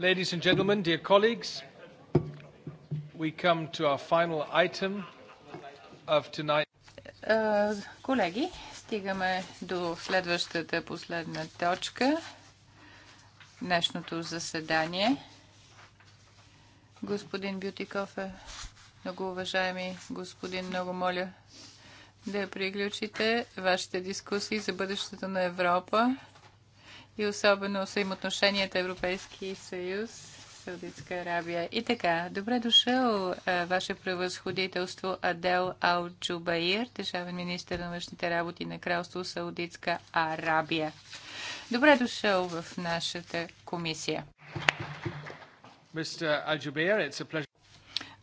Ladies and gentlemen, dear colleagues, we come to our final item of tonight. Е, колеги, стигаме до следващата последна точка днешното заседание. Господин Бютиков е много уважаеми господин, много моля да приключите вашите дискусии за бъдещето на Европа и особено взаимоотношенията Европейски съюз, Саудитска Арабия. И така, добре дошъл, Ваше превъзходителство Адел Ал Джубаир, държавен министр на външните работи на Кралство Саудитска Арабия. Добре дошъл в нашата комисия. Mr. al е it's a pleasure.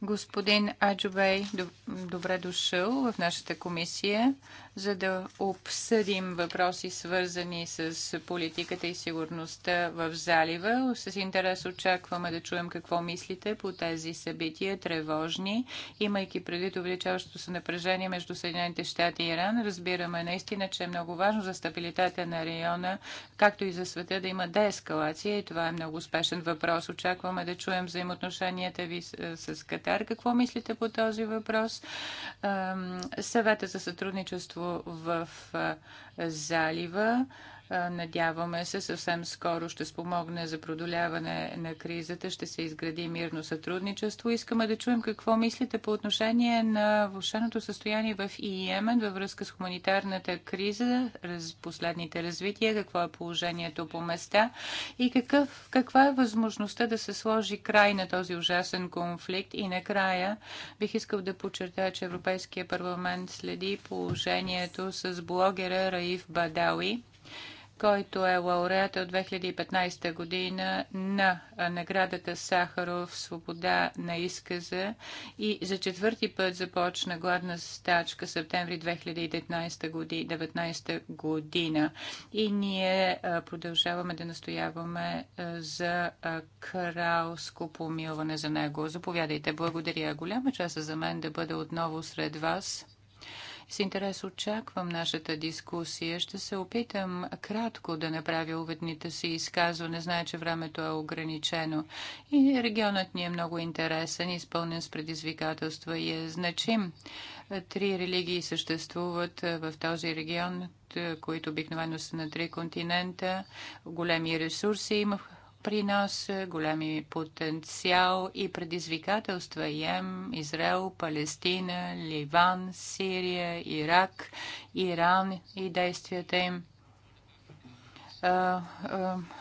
Господин Аджубей, добре дошъл в нашата комисия, за да обсъдим въпроси свързани с политиката и сигурността в залива. С интерес очакваме да чуем какво мислите по тези събития, тревожни, имайки предвид увеличаващото се напрежение между Съединените щати и Иран. Разбираме наистина, че е много важно за стабилитета на района, както и за света да има деескалация и това е много успешен въпрос. Очакваме да чуем взаимоотношенията ви с Катар коментар. Какво мислите по този въпрос? Съвета за сътрудничество в залива Надяваме се, съвсем скоро ще спомогне за продоляване на кризата, ще се изгради мирно сътрудничество. Искаме да чуем какво мислите по отношение на влушеното състояние в Йемен във връзка с хуманитарната криза, раз, последните развития, какво е положението по места и какъв, каква е възможността да се сложи край на този ужасен конфликт. И накрая бих искал да подчертая, че Европейския парламент следи положението с блогера Раиф Бадауи който е лауреат от 2015 година на наградата Сахаров Свобода на изказа и за четвърти път започна гладна стачка септември 2019 година. И ние продължаваме да настояваме за кралско помилване за него. Заповядайте. Благодаря. Голяма част за мен да бъда отново сред вас с интерес очаквам нашата дискусия. Ще се опитам кратко да направя уведните си изказване. Знае, че времето е ограничено. И регионът ни е много интересен, изпълнен с предизвикателства и е значим. Три религии съществуват в този регион, които обикновено са на три континента. Големи ресурси има при нас големи потенциал и предизвикателства Йем, Израел, Палестина, Ливан, Сирия, Ирак, Иран и действията им.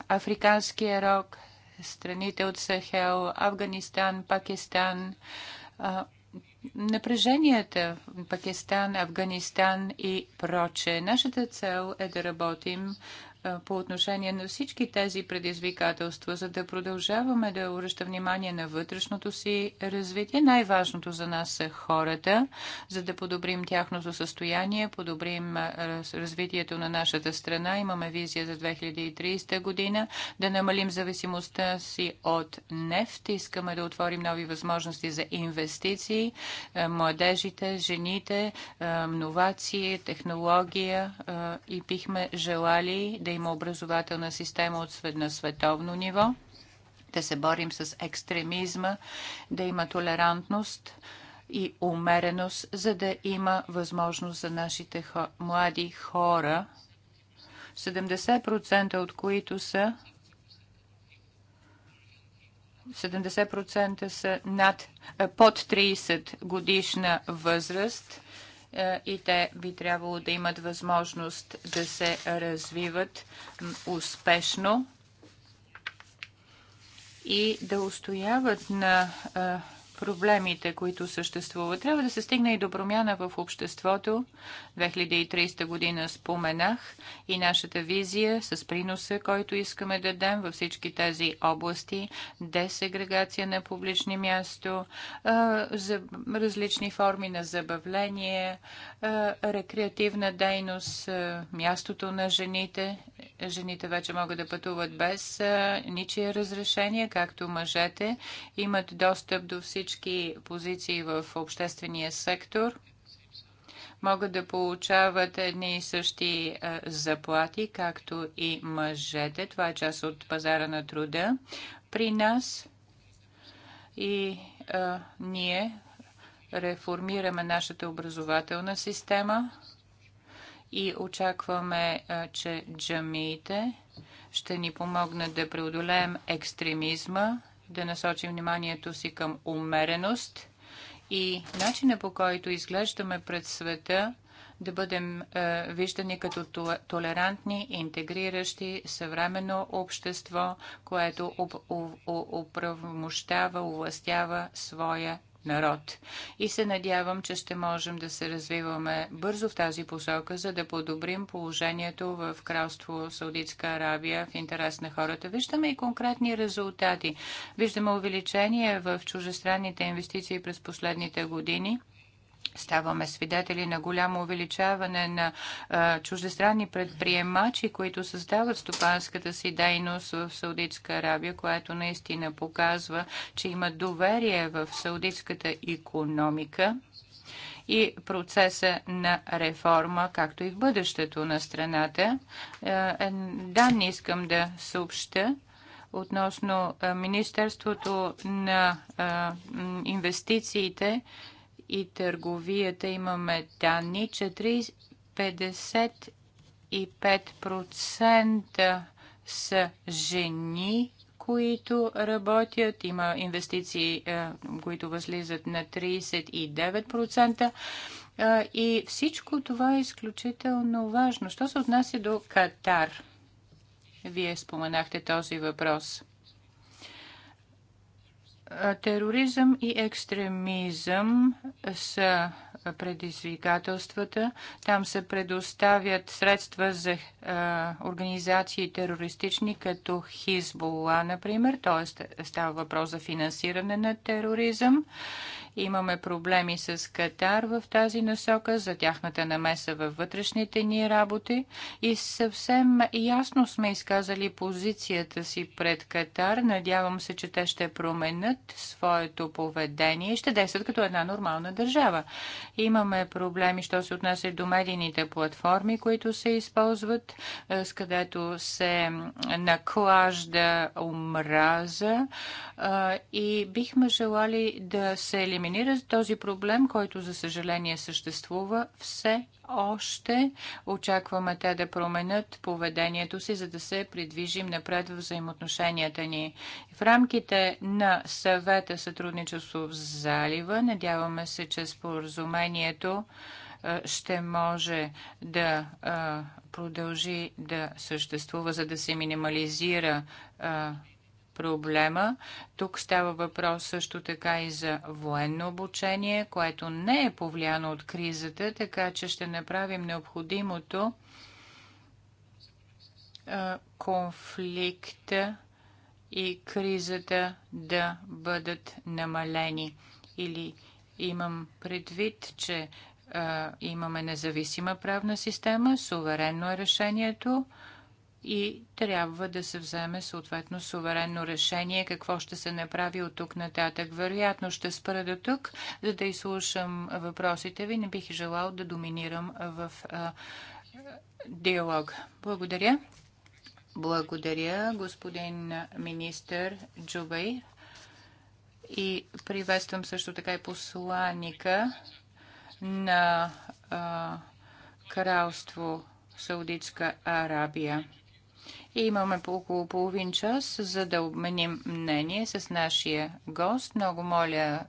Африканския рок, страните от Сахел, Афганистан, Пакистан, напреженията в Пакистан, Афганистан и проче. Нашата цел е да работим по отношение на всички тези предизвикателства, за да продължаваме да обръща внимание на вътрешното си развитие. Най-важното за нас са хората, за да подобрим тяхното състояние, подобрим развитието на нашата страна. Имаме визия за 2030 година да намалим зависимостта си от нефт. Искаме да отворим нови възможности за инвестиции, младежите, жените, новации, технология и бихме желали да да има образователна система от на световно ниво, да се борим с екстремизма, да има толерантност и умереност, за да има възможност за нашите хо млади хора, 70% от които са 70% са над, е, под 30 годишна възраст е, и те би трябвало да имат възможност да се развиват успешно и да устояват на е, проблемите, които съществуват. Трябва да се стигне и до промяна в обществото. 2030 година споменах и нашата визия с приноса, който искаме да дадем във всички тези области. Десегрегация на публични място, за различни форми на забавление, рекреативна дейност, мястото на жените. Жените вече могат да пътуват без ничие разрешение, както мъжете. Имат достъп до всички всички позиции в обществения сектор могат да получават едни и същи заплати, както и мъжете. Това е част от пазара на труда при нас. И а, ние реформираме нашата образователна система и очакваме, а, че джамиите ще ни помогнат да преодолеем екстремизма да насочи вниманието си към умереност и начина по който изглеждаме пред света да бъдем е, виждани като толерантни, интегриращи съвременно общество, което оп- управмощава, овластява своя народ. И се надявам, че ще можем да се развиваме бързо в тази посока, за да подобрим положението в кралство Саудитска Арабия в интерес на хората. Виждаме и конкретни резултати. Виждаме увеличение в чужестранните инвестиции през последните години Ставаме свидетели на голямо увеличаване на чуждестранни предприемачи, които създават стопанската си дейност в Саудитска Арабия, което наистина показва, че има доверие в саудитската економика и процеса на реформа, както и в бъдещето на страната. Е, Данни искам да съобща относно Министерството на инвестициите и търговията имаме данни, че 55% са жени, които работят. Има инвестиции, е, които възлизат на 39%. Е, и всичко това е изключително важно. Що се отнася до Катар? Вие споменахте този въпрос. Тероризъм и екстремизъм са предизвикателствата. Там се предоставят средства за а, организации терористични, като Хизбола, например, т.е. става въпрос за финансиране на тероризъм Имаме проблеми с Катар в тази насока, за тяхната намеса във вътрешните ни работи и съвсем ясно сме изказали позицията си пред Катар. Надявам се, че те ще променят своето поведение и ще действат като една нормална държава. Имаме проблеми, що се отнася до медийните платформи, които се използват, е, с където се наклажда омраза е, и бихме желали да се елиминираме елиминира този проблем, който за съжаление съществува все още. Очакваме те да променят поведението си, за да се придвижим напред в взаимоотношенията ни. В рамките на съвета сътрудничество в залива, надяваме се, че споразумението ще може да продължи да съществува, за да се минимализира проблема. Тук става въпрос също така и за военно обучение, което не е повлияно от кризата, така че ще направим необходимото конфликта и кризата да бъдат намалени. Или имам предвид, че а, имаме независима правна система, суверенно е решението и трябва да се вземе съответно суверенно решение какво ще се направи от тук нататък. Вероятно ще спра до тук, за да изслушам въпросите ви. Не бих желал да доминирам в а, диалог. Благодаря. Благодаря, господин министър Джубей. И приветствам също така и посланника на а, кралство Саудитска Арабия и имаме по около половин час, за да обменим мнение с нашия гост. Много моля,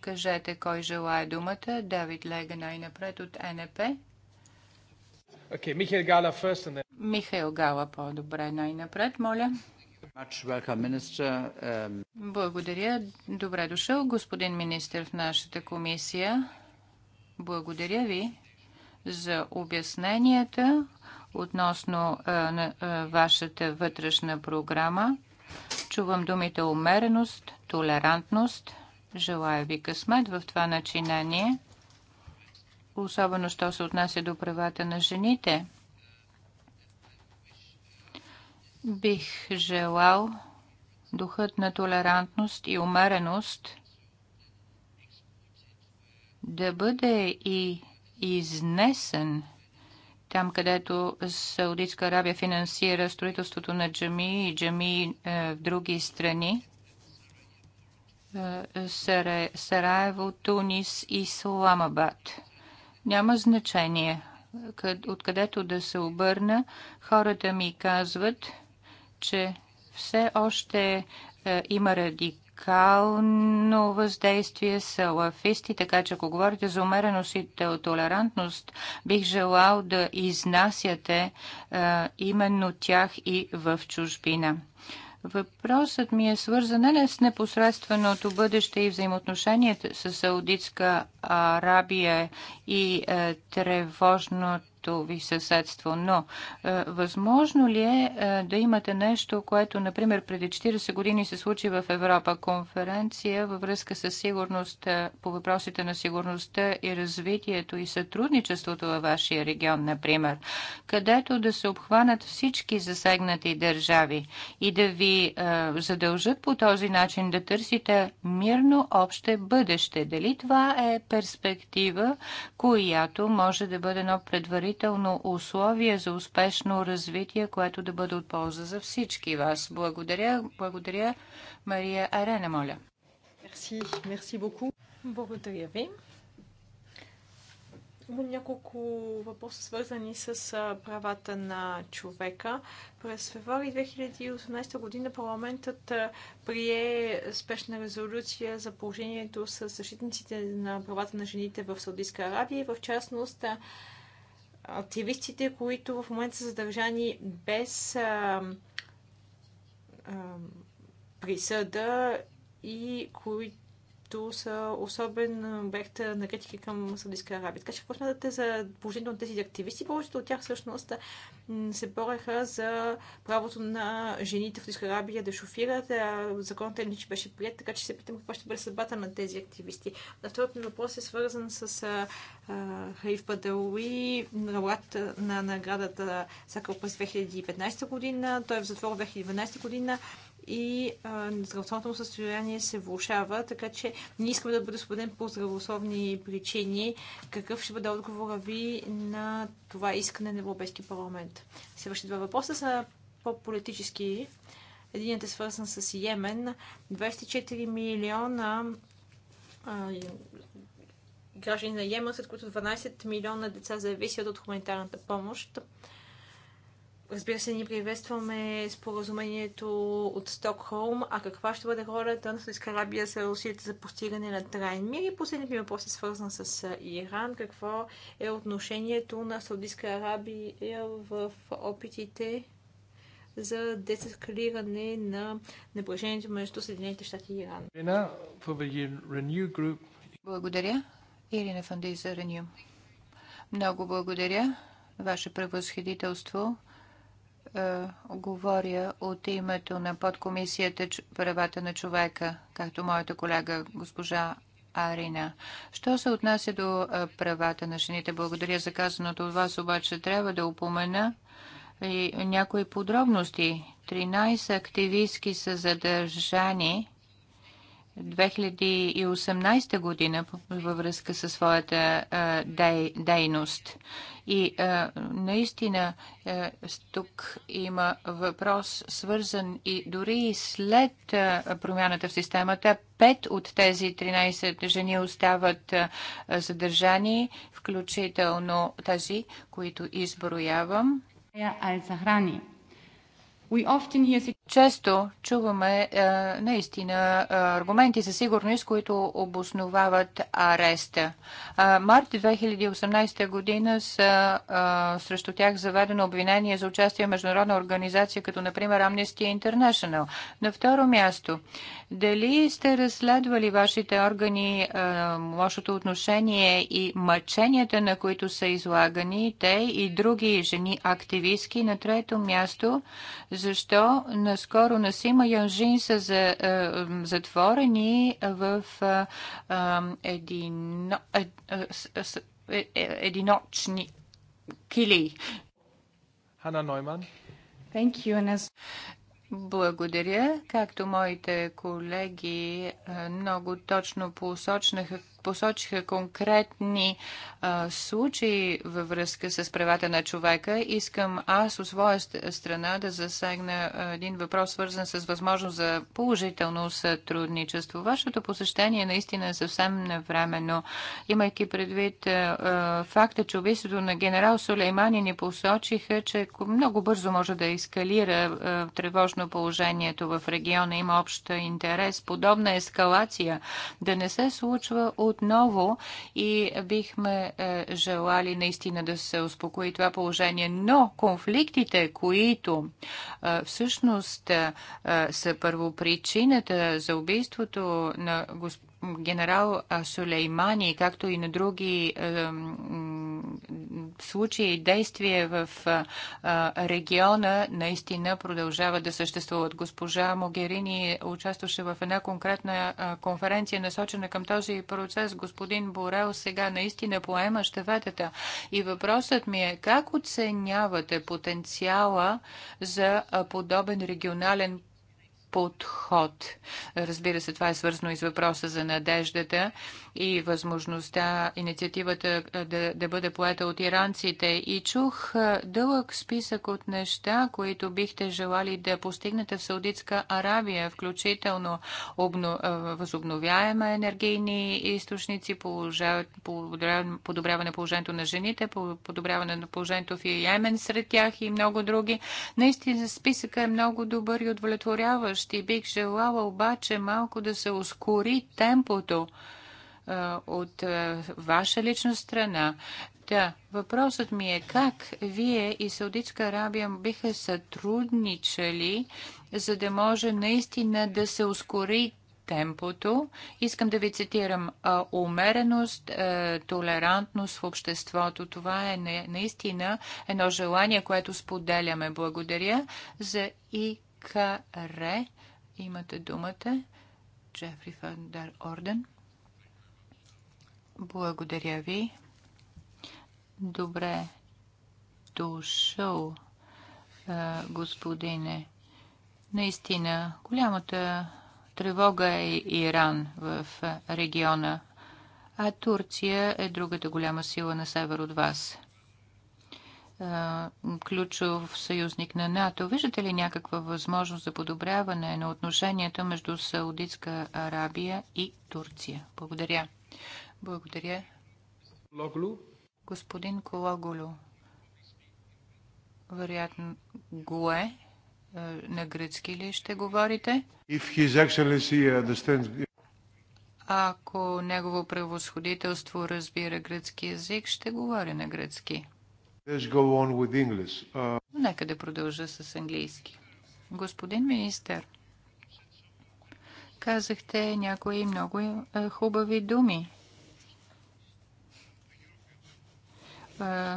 кажете кой желая думата. Давид Лега най-напред от НП. Михаил Гала first and then... Михаил Гала по-добре най-напред, моля. Um, Благодаря. Добре дошъл, господин министр в нашата комисия. Благодаря ви за обясненията, относно а, а, вашата вътрешна програма. Чувам думите умереност, толерантност. Желая ви късмет в това начинание, особено що се отнася до правата на жените. Бих желал духът на толерантност и умереност да бъде и изнесен – там където Саудитска Арабия финансира строителството на джами и джами е, в други страни. Е, Сараево, Тунис и Сламабад. Няма значение откъдето да се обърна. Хората ми казват, че все още е, има радик радикално въздействие, салафисти, така че ако говорите за умереност и толерантност, бих желал да изнасяте а, е, именно тях и в чужбина. Въпросът ми е свързан не с непосредственото бъдеще и взаимоотношението с Саудитска Арабия и е, тревожно вашето ви съседство, но е, възможно ли е, е да имате нещо, което, например, преди 40 години се случи в Европа? Конференция във връзка с сигурност е, по въпросите на сигурността и развитието и сътрудничеството във вашия регион, например, където да се обхванат всички засегнати държави и да ви е, задължат по този начин да търсите мирно обще бъдеще. Дали това е перспектива, която може да бъде едно предварително предварително условие за успешно развитие, което да бъде от полза за всички вас. Благодаря, благодаря. Мария Арена, моля. Мерси, мерси боку. Благодаря ви. Имам няколко въпроса, свързани с правата на човека. През февруари 2018 година парламентът прие спешна резолюция за положението с защитниците на правата на жените в Саудитска Арабия и в частност активистите, които в момента са задържани без а, а, присъда и които които са особен обект на критики към Саудитска Арабия. Така че какво смятате за положението на тези активисти? Повечето от тях всъщност се бореха за правото на жените в Саудитска Арабия да шофират. Законът е че беше прият, така че се питам каква ще бъде съдбата на тези активисти. На вторият ми въпрос е свързан с Хаиф Бадауи, лауреат на наградата Сакъл през 2015 година. Той е в затвор в 2012 година и здравословното му състояние се влушава, така че не искаме да бъде освободен по здравословни причини. Какъв ще бъде отговора ви на това искане на Европейски парламент? Следващите два въпроса са по-политически. Единият е свързан с Йемен. 24 милиона а, граждани на Йемен, след които 12 милиона деца зависят от хуманитарната помощ. Разбира се, ние приветстваме споразумението от Стокхолм, а каква ще бъде ролята на Саудитска Арабия за усилията за постигане на траен мир? И последният ми въпрос е свързан с Иран. Какво е отношението на Саудитска Арабия в опитите за децескалиране на напрежението между Съединените щати и Иран? Благодаря. Ирина Фандей за Реню. Много благодаря, Ваше превъзходителство. Е, говоря от името на подкомисията правата на човека, както моята колега госпожа Арина. Що се отнася до е, правата на жените, благодаря за казаното от вас, обаче трябва да упомена и някои подробности. 13 активистки са задържани 2018 година във връзка със своята дейност. И наистина тук има въпрос свързан и дори и след промяната в системата, пет от тези 13 жени остават задържани, включително тези, които изброявам. Е, е We often hear често чуваме е, наистина е, аргументи за сигурност, които обосновават ареста. А, е, март 2018 година са, а, е, срещу тях заведено обвинение за участие в международна организация, като например Amnesty International. На второ място, дали сте разследвали вашите органи а, лошото отношение и мъченията, на които са излагани те и други жени активистки? На трето място, защо на наскоро Сима Янжин са за, е, затворени в е, е, един, единочни кили. Хана Нойман. Thank you, Anas. Благодаря. Както моите колеги много точно посочнаха посочиха конкретни а, случаи във връзка с правата на човека. Искам аз от своя страна да засегна един въпрос, свързан с възможност за положително сътрудничество. Вашето посещение наистина е съвсем навременно, имайки предвид а, факта, че убийството на генерал Сулеймани ни посочиха, че много бързо може да ескалира а, тревожно положението в региона. Има общ интерес. Подобна ескалация да не се случва от отново и бихме е, желали наистина да се успокои това положение. Но конфликтите, които е, всъщност е, са първопричината за убийството на генерал Сулеймани, както и на други случаи и действия в региона наистина продължават да съществуват. Госпожа Могерини участваше в една конкретна конференция, насочена към този процес. Господин Борел сега наистина поема щаветата. И въпросът ми е как оценявате потенциала за подобен регионален подход. Разбира се, това е свързано и с въпроса за надеждата и възможността инициативата да, да бъде поета от иранците. И чух дълъг списък от неща, които бихте желали да постигнете в Саудитска Арабия, включително обно, възобновяема енергийни източници, подобряване положението на жените, подобряване на положението в Йемен сред тях и много други. Наистина списъка е много добър и удовлетворяващ помощи. Бих желала обаче малко да се ускори темпото от ваша лична страна. Да, въпросът ми е как вие и Саудитска Арабия биха сътрудничали, за да може наистина да се ускори темпото. Искам да ви цитирам умереност, толерантност в обществото. Това е наистина едно желание, което споделяме. Благодаря за и Кре. Имате думата. Джефри Фандер Орден. Благодаря ви. Добре дошъл, господине. Наистина, голямата тревога е Иран в региона, а Турция е другата голяма сила на север от вас ключов съюзник на НАТО. Виждате ли някаква възможност за подобряване на отношенията между Саудитска Арабия и Турция? Благодаря. Благодаря. Логлу. Господин Кологолю, вероятно Гуе, на гръцки ли ще говорите? Understands... Ако негово превосходителство разбира гръцки язик, ще говоря на гръцки. Uh, Нека да продължа с английски. Господин министър, казахте някои много е, хубави думи е,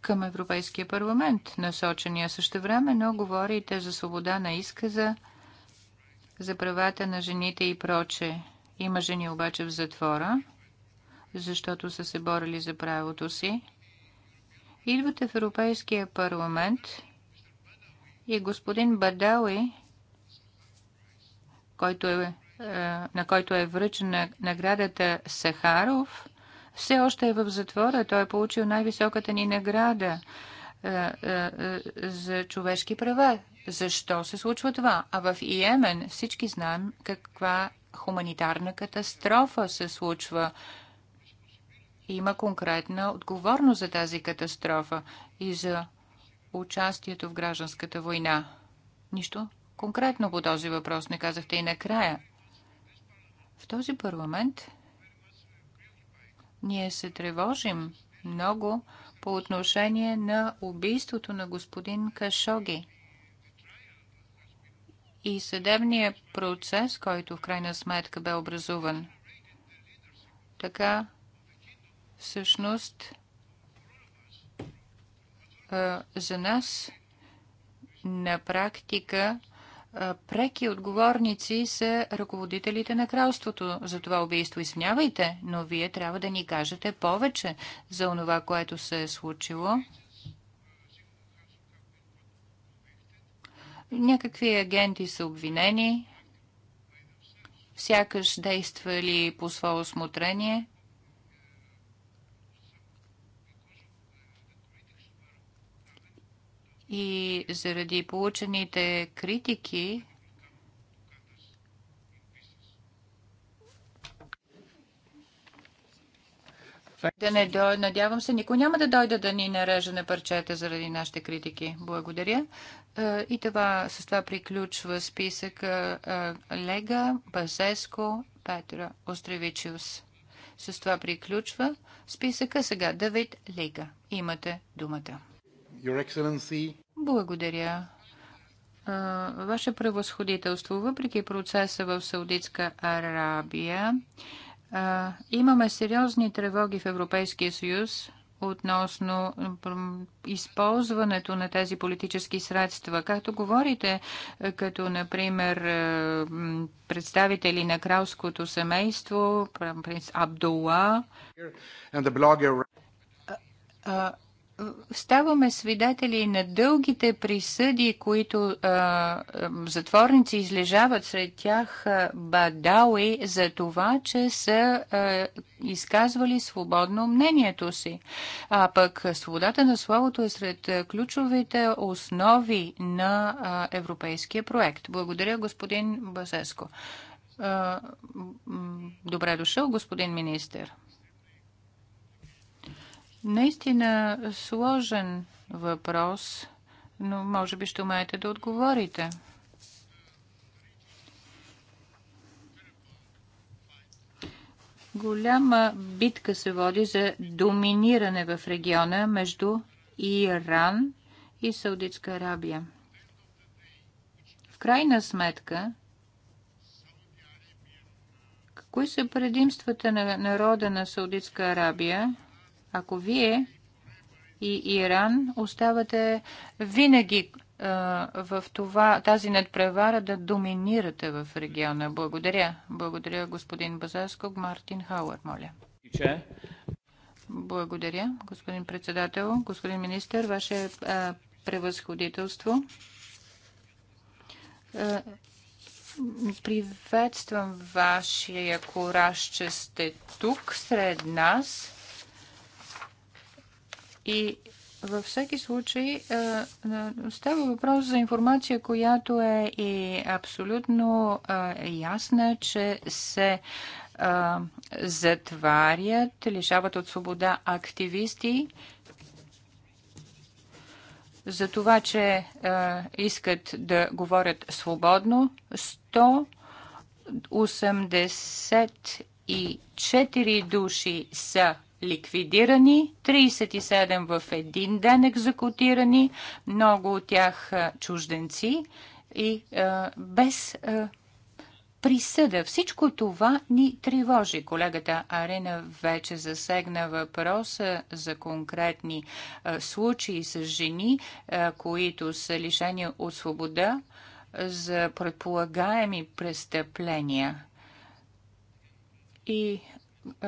към Европейския парламент, насочения също време, но говорите за свобода на изказа, за правата на жените и проче. Има жени обаче в затвора, защото са се борили за правото си идват в Европейския парламент и господин Бадауи, който е, е на който е връчена наградата Сахаров, все още е в затвора. Той е получил най-високата ни награда е, е, за човешки права. Защо се случва това? А в Йемен всички знаем каква хуманитарна катастрофа се случва има конкретна отговорност за тази катастрофа и за участието в гражданската война. Нищо конкретно по този въпрос не казахте и накрая. В този парламент ние се тревожим много по отношение на убийството на господин Кашоги и съдебния процес, който в крайна сметка бе образуван. Така всъщност за нас на практика преки отговорници са ръководителите на кралството за това убийство. Извинявайте, но вие трябва да ни кажете повече за онова, което се е случило. Някакви агенти са обвинени, сякаш действали по свое осмотрение – и заради получените критики Да не дой... Надявам се, никой няма да дойде да ни нареже на парчета заради нашите критики. Благодаря. Е, и това, с това приключва списък е, Лега, Базеско, Петра, Остревичиус. С това приключва списъка сега Давид Лега. Имате думата. Благодаря. Ваше превъзходителство, въпреки процеса в Саудитска Арабия, имаме сериозни тревоги в Европейския съюз относно използването на тези политически средства. Както говорите, като, например, представители на кралското семейство, принц Абдула, ставаме свидетели на дългите присъди, които а, затворници излежават сред тях бадауи за това, че са а, изказвали свободно мнението си. А пък свободата на словото е сред ключовите основи на а, европейския проект. Благодаря, господин Базеско. Добре дошъл, господин министр. Наистина сложен въпрос, но може би ще умеете да отговорите. Голяма битка се води за доминиране в региона между Иран и Саудитска Арабия. В крайна сметка, кои са предимствата на народа на Саудитска Арабия – ако вие и Иран оставате винаги в това, тази надпревара да доминирате в региона. Благодаря. Благодаря, господин Базаскок. Мартин Хауър, моля. Благодаря, господин председател. Господин министр, ваше а, превъзходителство. А, приветствам вашия кораж, че сте тук сред нас и във всеки случай е, е, става въпрос за информация, която е и абсолютно е, ясна, че се затварят, лишават от свобода активисти за това, че искат да говорят свободно. 184 души са ликвидирани, 37 в един ден екзекутирани, много от тях чужденци и а, без а, присъда. Всичко това ни тревожи. Колегата Арена вече засегна въпроса за конкретни а, случаи с жени, а, които са лишени от свобода за предполагаеми престъпления. И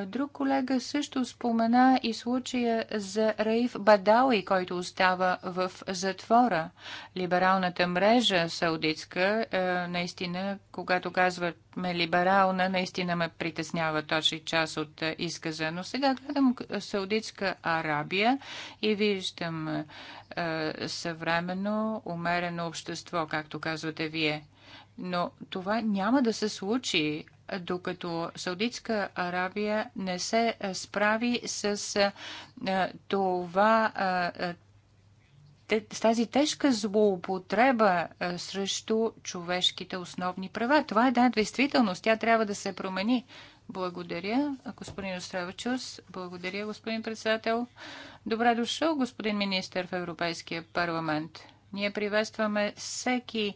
Друг колега също спомена и случая за Раиф Бадауи, който остава в затвора. Либералната мрежа саудитска, е, наистина, когато казваме либерална, наистина ме притеснява точно част от е, изказа. Но сега гледам Саудитска Арабия и виждам е, съвременно, умерено общество, както казвате вие. Но това няма да се случи, докато Саудитска Арабия не се е, справи с е, това е, с тази тежка злоупотреба срещу човешките основни права. Това е да, действителност. Тя трябва да се промени. Благодаря, господин Остравачус. Благодаря, господин председател. Добре дошъл, господин министр в Европейския парламент. Ние приветстваме всеки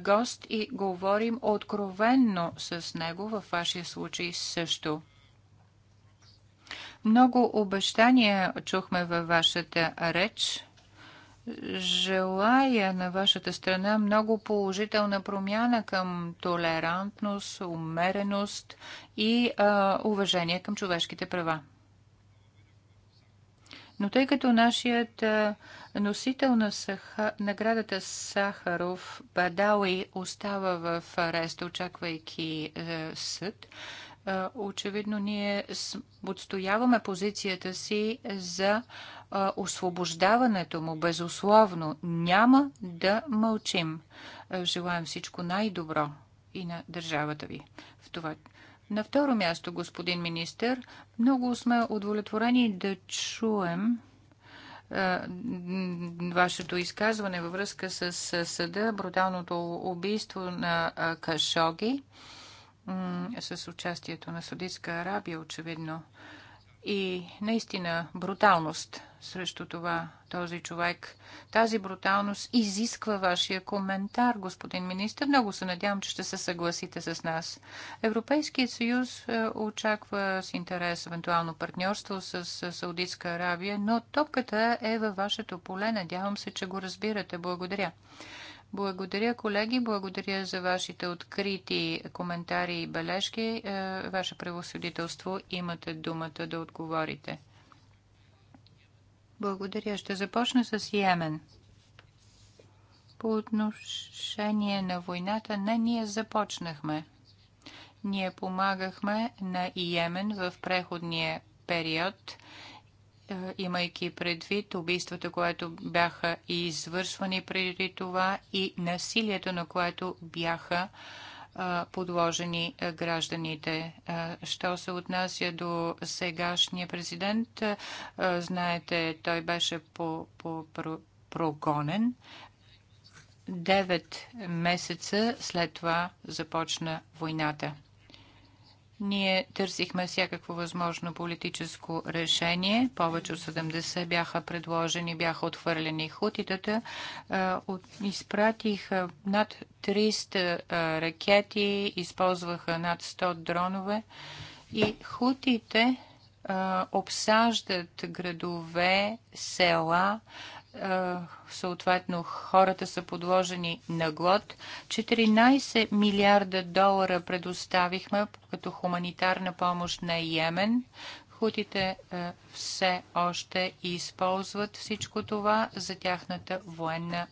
гост и говорим откровенно с него, във вашия случай също. Много обещания чухме във вашата реч. Желая на вашата страна много положителна промяна към толерантност, умереност и а, уважение към човешките права. Но тъй като нашият а, Носител на Саха... наградата Сахаров Бадауи остава в ареста, очаквайки е, съд. Е, очевидно ние отстояваме позицията си за е, освобождаването му безусловно. Няма да мълчим. Е, желаем всичко най-добро и на държавата ви. В това на второ място, господин министр, много сме удовлетворени да чуем вашето изказване във връзка с съда, бруталното убийство на Кашоги с участието на Судитска Арабия, очевидно. И наистина бруталност срещу това, този човек. Тази бруталност изисква вашия коментар, господин министр. Много се надявам, че ще се съгласите с нас. Европейският съюз е, очаква с интерес евентуално партньорство с Саудитска Аравия, но топката е във вашето поле. Надявам се, че го разбирате. Благодаря. Благодаря, колеги. Благодаря за вашите открити коментари и бележки. Е, ваше превосходителство, имате думата да отговорите. Благодаря. Ще започна с Йемен. По отношение на войната, не ние започнахме. Ние помагахме на Йемен в преходния период, е, имайки предвид убийствата, което бяха извършвани преди това и насилието, на което бяха подложени гражданите. Що се отнася до сегашния президент, знаете, той беше по, по, про, прогонен. Девет месеца след това започна войната. Ние търсихме всякакво възможно политическо решение. Повече от 70 бяха предложени, бяха отхвърлени хутитата. Изпратиха над 300 ракети, използваха над 100 дронове и хутите обсаждат градове, села, съответно хората са подложени на глад. 14 милиарда долара предоставихме като хуманитарна помощ на Йемен. Хутите е, все още използват всичко това за тяхната военна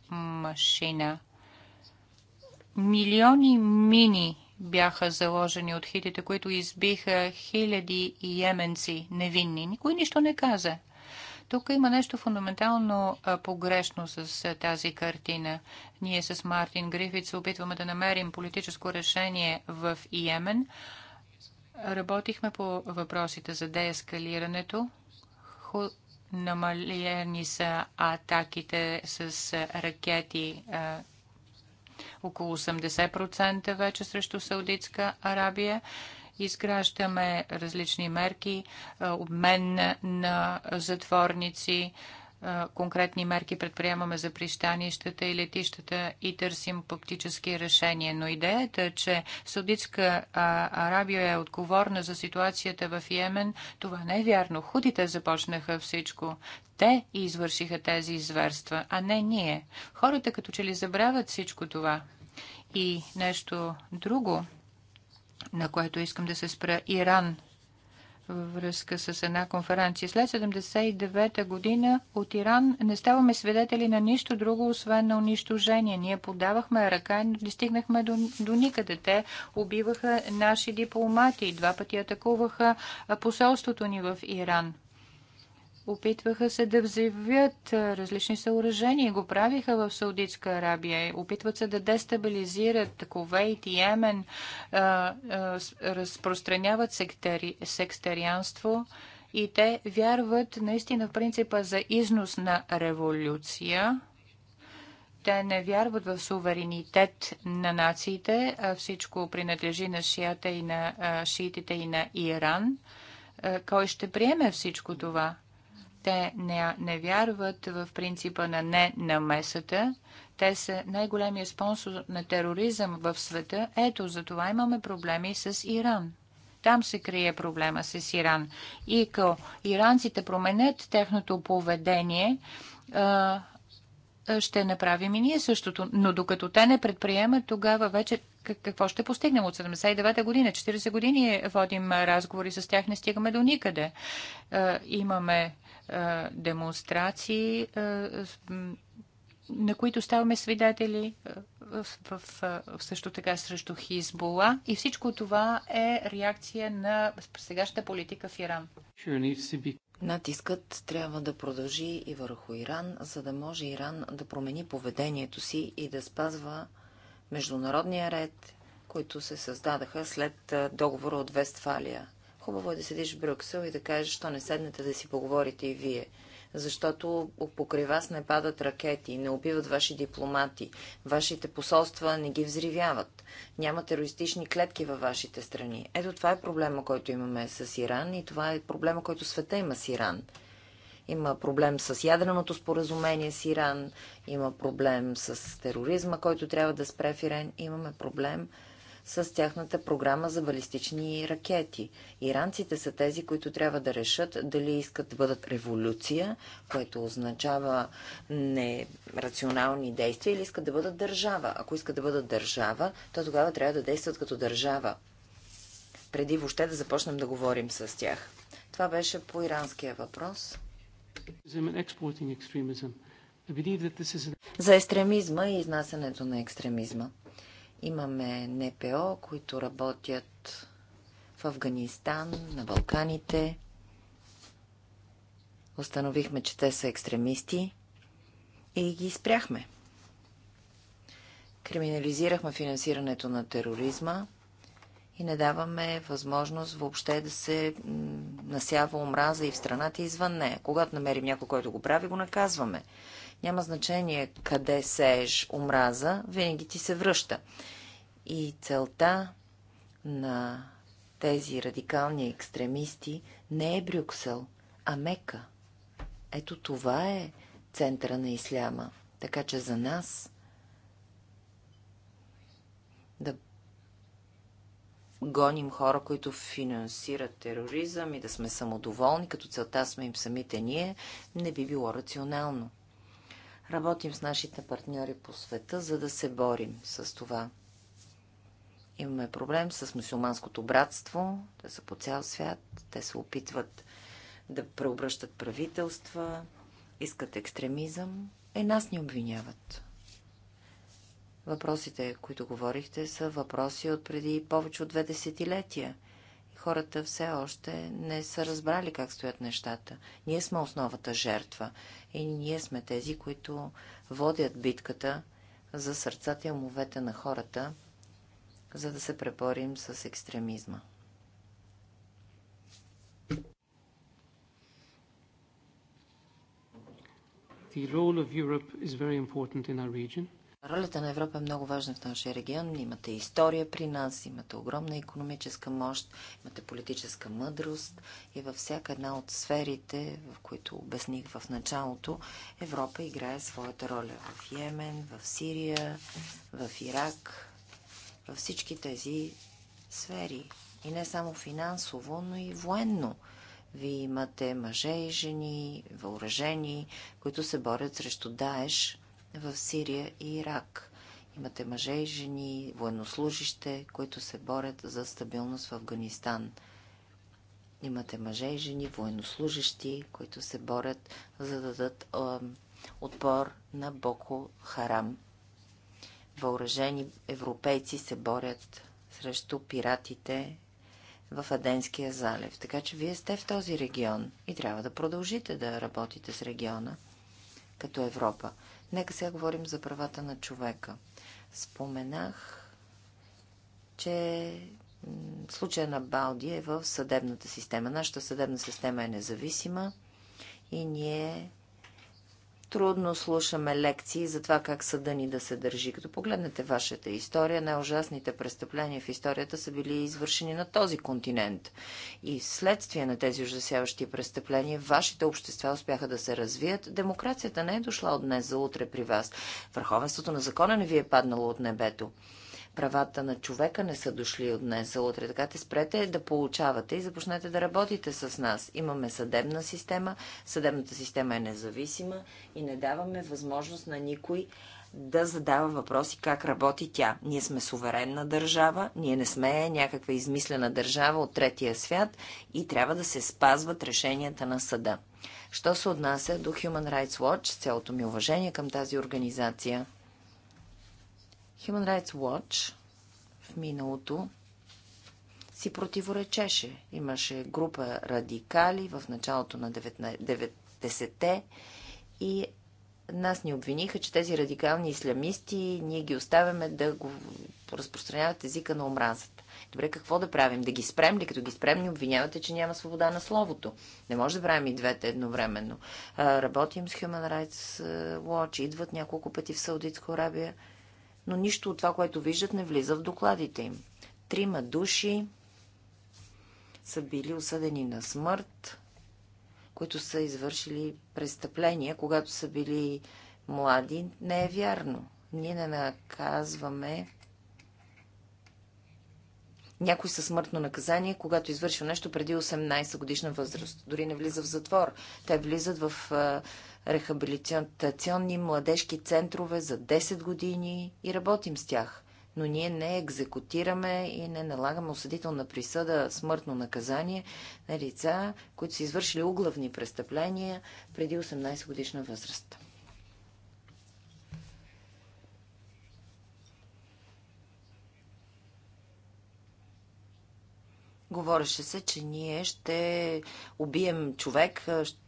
машина. Милиони мини бяха заложени от хитите, които избиха хиляди йеменци невинни. Никой нищо не каза. Тук има нещо фундаментално погрешно с тази картина. Ние с Мартин Грифит се опитваме да намерим политическо решение в Йемен. Работихме по въпросите за деескалирането. Намалени са атаките с ракети около 80% вече срещу Саудитска Арабия. Изграждаме различни мерки, е, обмен на затворници, е, конкретни мерки предприемаме за пристанищата и летищата и търсим практически решения. Но идеята, че Саудитска Арабия е отговорна за ситуацията в Йемен, това не е вярно. Худите започнаха всичко. Те извършиха тези изверства, а не ние. Хората като че ли забравят всичко това. И нещо друго – на което искам да се спра Иран във връзка с една конференция. След 79-та година от Иран не ставаме свидетели на нищо друго, освен на унищожение. Ние подавахме ръка и не стигнахме до, до никъде. Те убиваха наши дипломати. Два пъти атакуваха посолството ни в Иран. Опитваха се да взривят различни съоръжения. Го правиха в Саудитска Арабия. Е, опитват се да дестабилизират Ковейт и Йемен. Разпространяват сектари, секстарианство. И те вярват наистина в принципа за износ на революция. Те не вярват в суверенитет на нациите. а Всичко принадлежи на шията и на шиитите и на Иран. Кой ще приеме всичко това? Те не, не вярват в принципа на ненамесата. Те са най-големия спонсор на тероризъм в света. Ето, за това имаме проблеми с Иран. Там се крие проблема с Иран. И ако иранците променят техното поведение, ще направим и ние същото. Но докато те не предприемат, тогава вече какво ще постигнем от 79-та година? 40 години водим разговори с тях, не стигаме до никъде. Имаме демонстрации, на които ставаме свидетели в, в, в, също така срещу Хизбола. И всичко това е реакция на сегашната политика в Иран. Натискът трябва да продължи и върху Иран, за да може Иран да промени поведението си и да спазва международния ред, които се създадаха след договора от Вестфалия. Хубаво е да седиш в Брюксел и да кажеш, що не седнете да си поговорите и вие. Защото покрай вас не падат ракети, не убиват ваши дипломати, вашите посолства не ги взривяват, няма терористични клетки във вашите страни. Ето това е проблема, който имаме с Иран и това е проблема, който света има с Иран. Има проблем с ядреното споразумение с Иран, има проблем с тероризма, който трябва да спре в Иран, имаме проблем с тяхната програма за балистични ракети. Иранците са тези, които трябва да решат дали искат да бъдат революция, което означава нерационални действия, или искат да бъдат държава. Ако искат да бъдат държава, то тогава трябва да действат като държава, преди въобще да започнем да говорим с тях. Това беше по иранския въпрос. За екстремизма и изнасянето на екстремизма. Имаме НПО, които работят в Афганистан, на Балканите. Установихме, че те са екстремисти и ги спряхме. Криминализирахме финансирането на тероризма и не даваме възможност въобще да се насява омраза и в страната и извън нея. Когато намерим някой, който го прави, го наказваме. Няма значение къде сееш омраза, винаги ти се връща. И целта на тези радикални екстремисти не е Брюксел, а Мека. Ето това е центъра на исляма. Така че за нас да гоним хора, които финансират тероризъм и да сме самодоволни, като целта сме им самите ние, не би било рационално. Работим с нашите партньори по света, за да се борим с това. Имаме проблем с мусулманското братство. Те са по цял свят. Те се опитват да преобръщат правителства, искат екстремизъм. Е, нас ни обвиняват. Въпросите, които говорихте, са въпроси от преди повече от две десетилетия – хората все още не са разбрали как стоят нещата. Ние сме основата жертва и ние сме тези, които водят битката за сърцата и умовете на хората, за да се преборим с екстремизма. The role of Europe is very important in our region. Ролята на Европа е много важна в нашия регион. Имате история при нас, имате огромна економическа мощ, имате политическа мъдрост и във всяка една от сферите, в които обясних в началото, Европа играе своята роля в Йемен, в Сирия, в Ирак, във всички тези сфери. И не само финансово, но и военно. Вие имате мъже и жени, въоръжени, които се борят срещу Даеш – в Сирия и Ирак. Имате мъже и жени, военнослужище, които се борят за стабилност в Афганистан. Имате мъже и жени, военнослужащи, които се борят за да дадат отпор на Боко Харам. Въоръжени европейци се борят срещу пиратите в Аденския залив. Така че вие сте в този регион и трябва да продължите да работите с региона като Европа. Нека сега говорим за правата на човека. Споменах, че случая на Балди е в съдебната система. Нашата съдебна система е независима и ние трудно слушаме лекции за това как съда ни да се държи. Като погледнете вашата история, най-ужасните престъпления в историята са били извършени на този континент. И следствие на тези ужасяващи престъпления, вашите общества успяха да се развият. Демокрацията не е дошла от днес за утре при вас. Върховенството на закона не ви е паднало от небето правата на човека не са дошли от днес за утре. Така те спрете да получавате и започнете да работите с нас. Имаме съдебна система, съдебната система е независима и не даваме възможност на никой да задава въпроси как работи тя. Ние сме суверенна държава, ние не сме някаква измислена държава от третия свят и трябва да се спазват решенията на съда. Що се отнася до Human Rights Watch, цялото ми уважение към тази организация – Human Rights Watch в миналото си противоречеше. Имаше група радикали в началото на 90-те и нас ни обвиниха, че тези радикални ислямисти, ние ги оставяме да го разпространяват езика на омразата. Добре, какво да правим? Да ги спрем ли? Като ги спрем, ни обвинявате, че няма свобода на словото. Не може да правим и двете едновременно. А, работим с Human Rights Watch. Идват няколко пъти в Саудитска Арабия но нищо от това, което виждат, не влиза в докладите им. Трима души са били осъдени на смърт, които са извършили престъпления, когато са били млади, не е вярно. Ние не наказваме някой със смъртно наказание, когато извършва нещо преди 18 годишна възраст. Дори не влиза в затвор. Те влизат в рехабилитационни младежки центрове за 10 години и работим с тях. Но ние не екзекутираме и не налагаме осъдителна присъда, смъртно наказание на лица, които са извършили углавни престъпления преди 18 годишна възраст. Говореше се, че ние ще убием човек, ще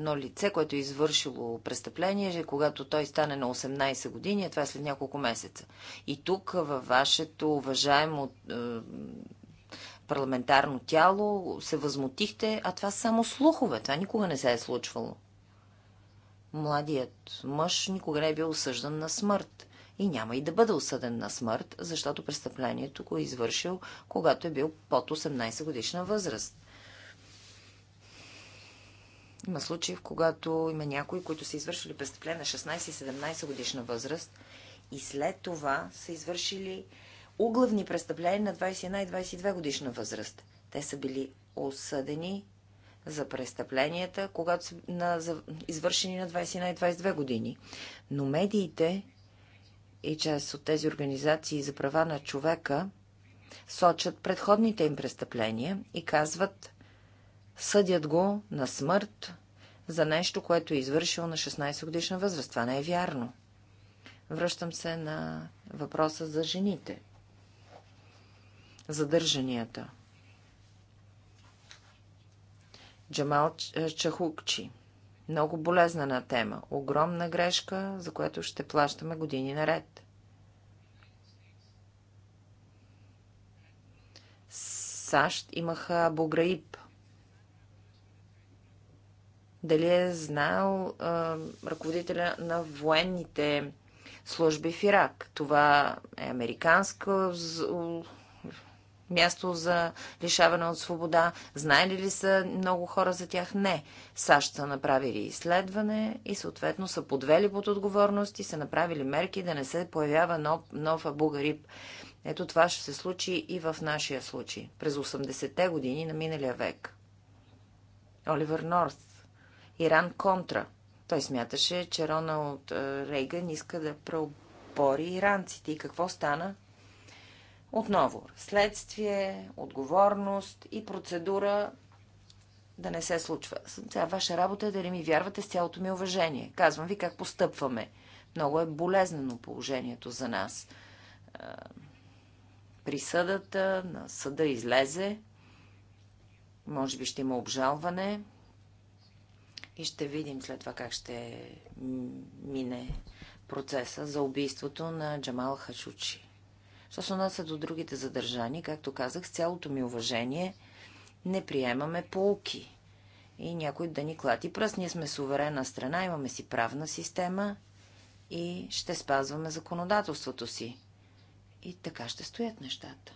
едно лице, което е извършило престъпление, когато той стане на 18 години, а това е след няколко месеца. И тук във вашето уважаемо е, парламентарно тяло се възмутихте, а това са само слухове. Това никога не се е случвало. Младият мъж никога не е бил осъждан на смърт. И няма и да бъде осъден на смърт, защото престъплението го е извършил, когато е бил под 18 годишна възраст. Има случаи, в когато има някои, които са извършили престъпление на 16-17 годишна възраст и след това са извършили углавни престъпления на 21 22 годишна възраст. Те са били осъдени за престъпленията, когато са на, за, извършени на 21 22 години. Но медиите и част от тези организации за права на човека сочат предходните им престъпления и казват, Съдят го на смърт за нещо, което е извършил на 16 годишна възраст. Това не е вярно. Връщам се на въпроса за жените. Задържанията. Джамал е, Чахукчи. Много болезнена тема. Огромна грешка, за която ще плащаме години наред. САЩ имаха Граиб дали е знаел а, ръководителя на военните служби в Ирак. Това е американско място за лишаване от свобода. Знаели ли са много хора за тях? Не. САЩ са направили изследване и съответно са подвели под отговорност и са направили мерки да не се появява нов, нов Абугариб. Ето това ще се случи и в нашия случай, през 80-те години на миналия век. Оливер Норс Иран контра. Той смяташе, че Роналд е, Рейган иска да преобори иранците. И какво стана? Отново, следствие, отговорност и процедура да не се случва. Сега ваша работа е да не ми вярвате с цялото ми уважение. Казвам ви как постъпваме. Много е болезнено положението за нас. Е, присъдата на съда излезе. Може би ще има обжалване и ще видим след това как ще мине процеса за убийството на Джамал Хашучи. Що се нас до другите задържани, както казах, с цялото ми уважение не приемаме полуки и някой да ни клати пръст. Ние сме суверена страна, имаме си правна система и ще спазваме законодателството си. И така ще стоят нещата.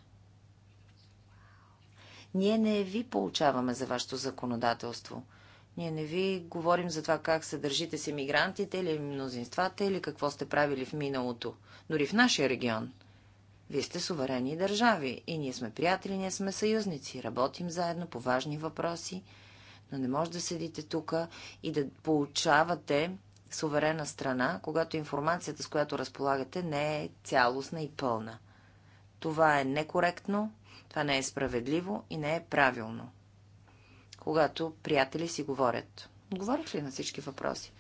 Ние не ви получаваме за вашето законодателство. Ние не ви говорим за това как се държите с емигрантите или мнозинствата или какво сте правили в миналото. Дори в нашия регион. Вие сте суверени държави и ние сме приятели, ние сме съюзници, работим заедно по важни въпроси, но не може да седите тук и да получавате суверена страна, когато информацията, с която разполагате, не е цялостна и пълна. Това е некоректно, това не е справедливо и не е правилно когато приятели си говорят. Говорят ли на всички въпроси?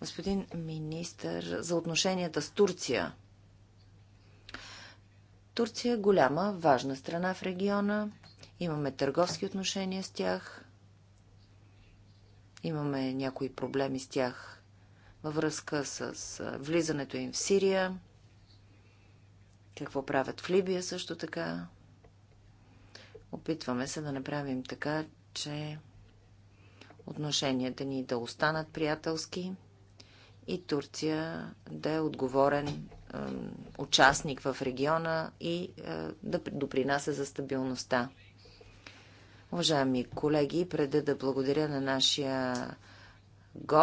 Господин министър, за отношенията с Турция. Турция е голяма, важна страна в региона. Имаме търговски отношения с тях. Имаме някои проблеми с тях във връзка с влизането им в Сирия. Какво правят в Либия също така. Опитваме се да направим така, че отношенията ни да останат приятелски и Турция да е отговорен участник в региона и да допринася за стабилността. Уважаеми колеги, преди да благодаря на нашия гост,